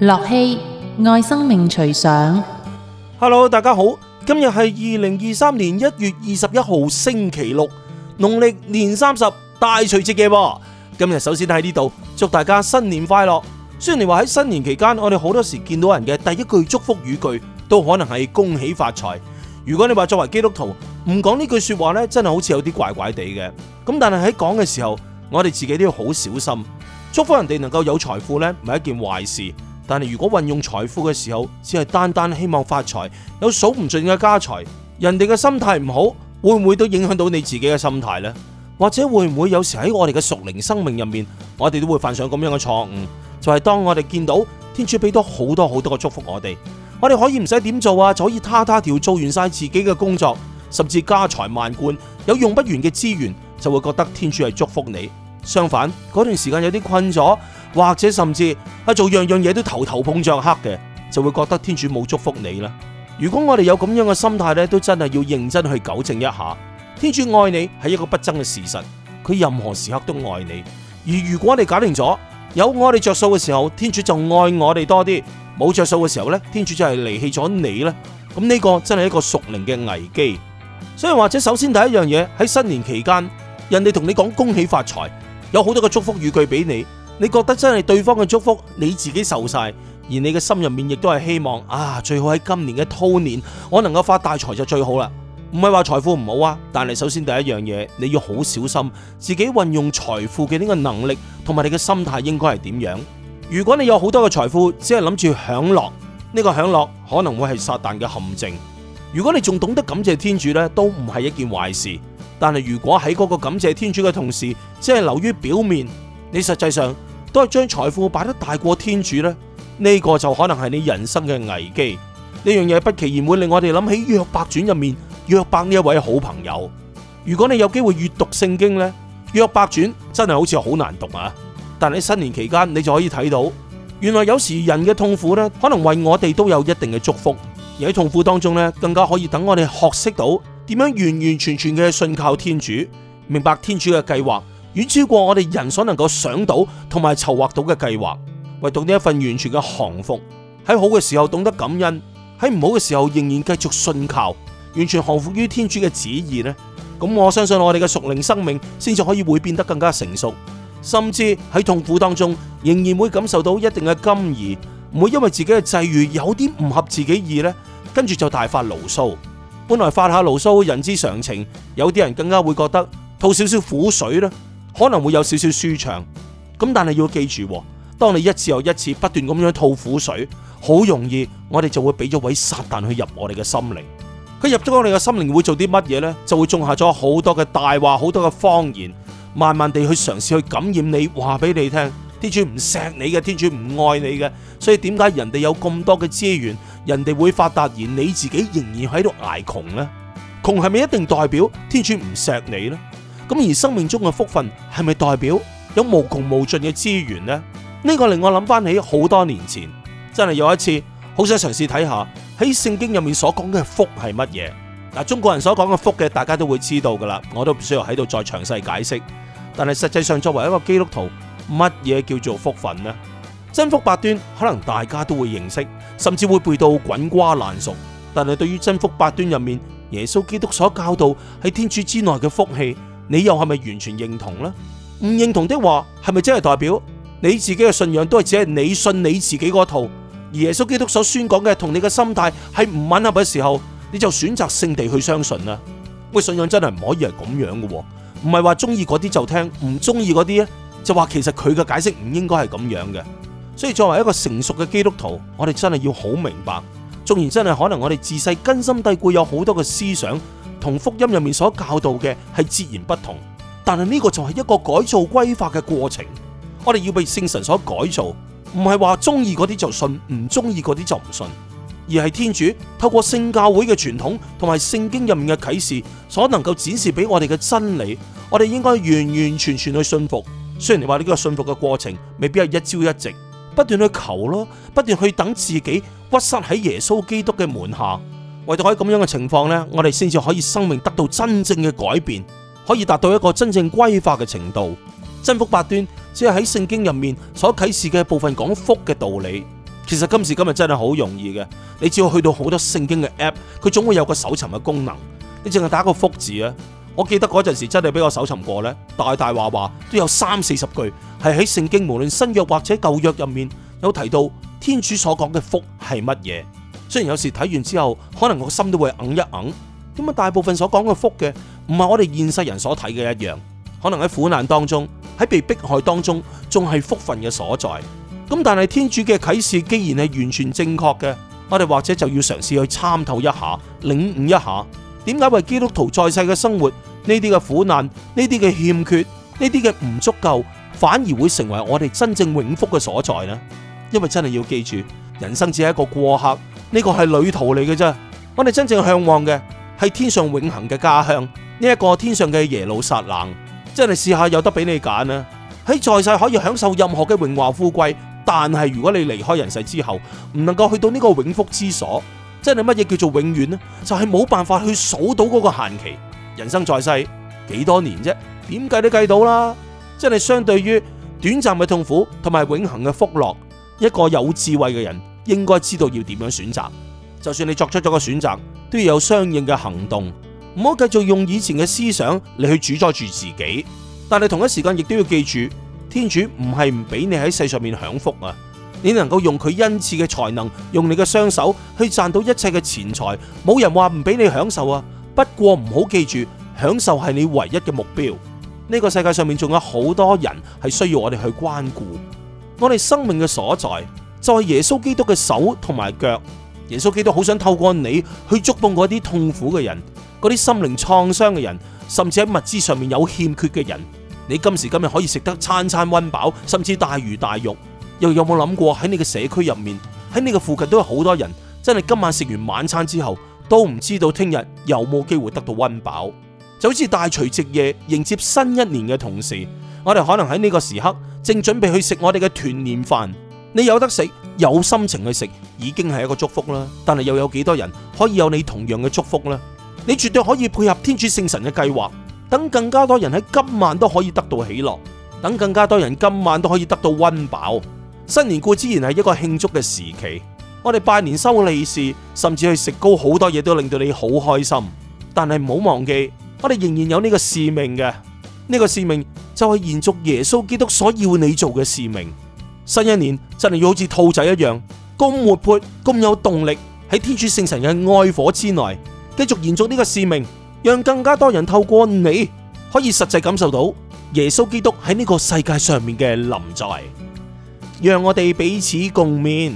樂器愛生命隨想，Hello，大家好。今日係二零二三年一月二十一號星期六，農曆年三十大除夕嘅。今日首先喺呢度祝大家新年快樂。雖然你話喺新年期間，我哋好多時見到人嘅第一句祝福語句，都可能係恭喜發財。如果你話作為基督徒唔講呢句說話咧，真係好似有啲怪怪地嘅。咁但係喺講嘅時候，我哋自己都要好小心。祝福人哋能夠有財富咧，唔係一件壞事。但係如果運用財富嘅時候，只係單單希望發財，有數唔盡嘅家財，人哋嘅心態唔好，會唔會都影響到你自己嘅心態呢？或者會唔會有時喺我哋嘅屬靈生命入面，我哋都會犯上咁樣嘅錯誤，就係、是、當我哋見到天主俾多好多好多嘅祝福我哋，我哋可以唔使點做啊，就可以他他條做完晒自己嘅工作，甚至家財萬貫，有用不完嘅資源，就會覺得天主係祝福你。相反，嗰段時間有啲困咗。或者甚至啊，做樣樣嘢都頭頭碰着黑嘅，就會覺得天主冇祝福你啦。如果我哋有咁樣嘅心態咧，都真係要認真去糾正一下。天主愛你係一個不爭嘅事實，佢任何時刻都愛你。而如果你搞定咗有我哋着數嘅時候，天主就愛我哋多啲；冇着數嘅時候咧，天主就係離棄咗你咧。咁呢個真係一個屬靈嘅危機。所以或者首先第一樣嘢喺新年期間，人哋同你講恭喜發財，有好多嘅祝福語句俾你。你覺得真係對方嘅祝福，你自己受晒，而你嘅心入面亦都係希望啊，最好喺今年嘅兔年，我能夠發大財就最好啦。唔係話財富唔好啊，但係首先第一樣嘢，你要好小心自己運用財富嘅呢個能力同埋你嘅心態應該係點樣。如果你有好多嘅財富，只係諗住享樂，呢個享樂可能會係撒旦嘅陷阱。如果你仲懂得感謝天主呢，都唔係一件壞事。但係如果喺嗰個感謝天主嘅同時，只係留於表面。你實際上都係將財富擺得大過天主呢？呢、呢個就可能係你人生嘅危機。呢樣嘢不期然會令我哋諗起約伯傳入面約伯呢一位好朋友。如果你有機會閱讀聖經呢，約伯傳真係好似好難讀啊！但喺新年期間，你就可以睇到，原來有時人嘅痛苦呢，可能為我哋都有一定嘅祝福，而喺痛苦當中呢，更加可以等我哋學識到點樣完完全全嘅信靠天主，明白天主嘅計劃。遠超過我哋人所能夠想到，籌劃到劃同埋籌劃到嘅計劃，為到呢一份完全嘅幸福。喺好嘅時候懂得感恩，喺唔好嘅時候仍然繼續信靠，完全降服於天主嘅旨意呢，咁我相信我哋嘅屬靈生命先至可以會變得更加成熟，甚至喺痛苦當中仍然會感受到一定嘅甘怡，唔會因為自己嘅際遇有啲唔合自己意呢，跟住就大發牢騷。本來發下牢騷人之常情，有啲人更加會覺得吐少，少少苦水啦。可能會有少少舒暢，咁但係要記住，當你一次又一次不斷咁樣吐苦水，好容易我哋就會俾咗位撒旦去入我哋嘅心靈。佢入咗我哋嘅心靈會做啲乜嘢呢？就會種下咗好多嘅大話，好多嘅謊言，慢慢地去嘗試去感染你，話俾你聽，天主唔錫你嘅，天主唔愛你嘅。所以點解人哋有咁多嘅資源，人哋會發達，而你自己仍然喺度挨窮呢？窮係咪一定代表天主唔錫你呢？」咁而生命中嘅福分係咪代表有無窮無盡嘅資源呢？呢個令我諗翻起好多年前，真係有一次好想嘗試睇下喺聖經入面所講嘅福係乜嘢。嗱，中國人所講嘅福嘅，大家都會知道噶啦，我都唔需要喺度再詳細解釋。但係實際上作為一個基督徒，乜嘢叫做福分呢？真福八端可能大家都會認識，甚至會背到滾瓜爛熟。但係對於真福八端入面，耶穌基督所教導喺天主之內嘅福氣。你又係咪完全認同呢？唔認同的話，係咪真係代表你自己嘅信仰都係只係你信你自己嗰套？而耶穌基督所宣講嘅同你嘅心態係唔吻合嘅時候，你就選擇性地去相信啦。我嘅信仰真係唔可以係咁樣嘅喎，唔係話中意嗰啲就聽，唔中意嗰啲呢，就話其實佢嘅解釋唔應該係咁樣嘅。所以作為一個成熟嘅基督徒，我哋真係要好明白，縱然真係可能我哋自細根深蒂固有好多嘅思想，同福音入面所教導嘅係截然不同，但係呢個就係一個改造規化嘅過程。我哋要被聖神所改造，唔係話中意嗰啲就信，唔中意嗰啲就唔信，而係天主透過聖教會嘅傳統同埋聖經入面嘅啟示，所能夠展示俾我哋嘅真理，我哋應該完完全全去信服。雖然你話呢個信服嘅過程未必係一朝一夕，不斷去求咯，不斷去等自己屈膝喺耶穌基督嘅門下。為咗可以咁樣嘅情況咧，我哋先至可以生命得到真正嘅改變，可以達到一個真正歸化嘅程度。真福八端只係喺聖經入面所啟示嘅部分講福嘅道理。其實今時今日真係好容易嘅，你只要去到好多聖經嘅 app，佢總會有個搜尋嘅功能。你淨係打個福字啊！我記得嗰陣時真係俾我搜尋過咧，大大話話都有三四十句係喺聖經無論新約或者舊約入面有提到天主所講嘅福係乜嘢。雖然有時睇完之後，可能我心都會硬一硬。咁啊，大部分所講嘅福嘅，唔係我哋現世人所睇嘅一樣。可能喺苦難當中，喺被迫害當中，仲係福分嘅所在。咁但係天主嘅啟示，既然係完全正確嘅，我哋或者就要嘗試去參透一下，領悟一下，點解為基督徒在世嘅生活呢啲嘅苦難、呢啲嘅欠缺、呢啲嘅唔足夠，反而會成為我哋真正永福嘅所在呢？因為真係要記住，人生只係一個過客。呢個係旅途嚟嘅啫，我哋真正嚮往嘅係天上永恒嘅家鄉。呢一個天上嘅耶路撒冷，真係試下有得俾你揀啊。喺在世可以享受任何嘅榮華富貴，但係如果你離開人世之後，唔能夠去到呢個永福之所，真係乜嘢叫做永遠呢？就係冇辦法去數到嗰個限期。人生在世幾多年啫？點計都計到啦。真係相對於短暫嘅痛苦同埋永恒嘅福樂，一個有智慧嘅人。應該知道要點樣選擇，就算你作出咗個選擇，都要有相應嘅行動，唔好繼續用以前嘅思想嚟去主宰住自己。但係同一時間，亦都要記住，天主唔係唔俾你喺世上面享福啊！你能夠用佢恩賜嘅才能，用你嘅雙手去賺到一切嘅錢財，冇人話唔俾你享受啊！不過唔好記住，享受係你唯一嘅目標。呢個世界上面仲有好多人係需要我哋去關顧，我哋生命嘅所在。就係耶穌基督嘅手同埋腳，耶穌基督好想透過你去觸碰嗰啲痛苦嘅人，嗰啲心靈創傷嘅人，甚至喺物資上面有欠缺嘅人。你今時今日可以食得餐餐溫飽，甚至大魚大肉，又有冇諗過喺你嘅社區入面，喺你嘅附近都有好多人，真係今晚食完晚餐之後都唔知道聽日有冇機會得到溫飽？就好似大除夕夜迎接新一年嘅同時，我哋可能喺呢個時刻正準備去食我哋嘅團年飯。你有得食，有心情去食，已經係一個祝福啦。但係又有幾多人可以有你同樣嘅祝福呢？你絕對可以配合天主聖神嘅計劃，等更加多人喺今晚都可以得到喜樂，等更加多人今晚都可以得到溫飽。新年固然係一個慶祝嘅時期，我哋拜年收利是，甚至去食糕，好多嘢都令到你好開心。但係唔好忘記，我哋仍然有呢個使命嘅，呢個使命就係延續耶穌基督所要你做嘅使命。新一年真係要好似兔仔一樣，咁活潑，咁有動力，喺天主聖神嘅愛火之內，繼續延續呢個使命，讓更加多人透過你，可以實際感受到耶穌基督喺呢個世界上面嘅臨在，讓我哋彼此共勉。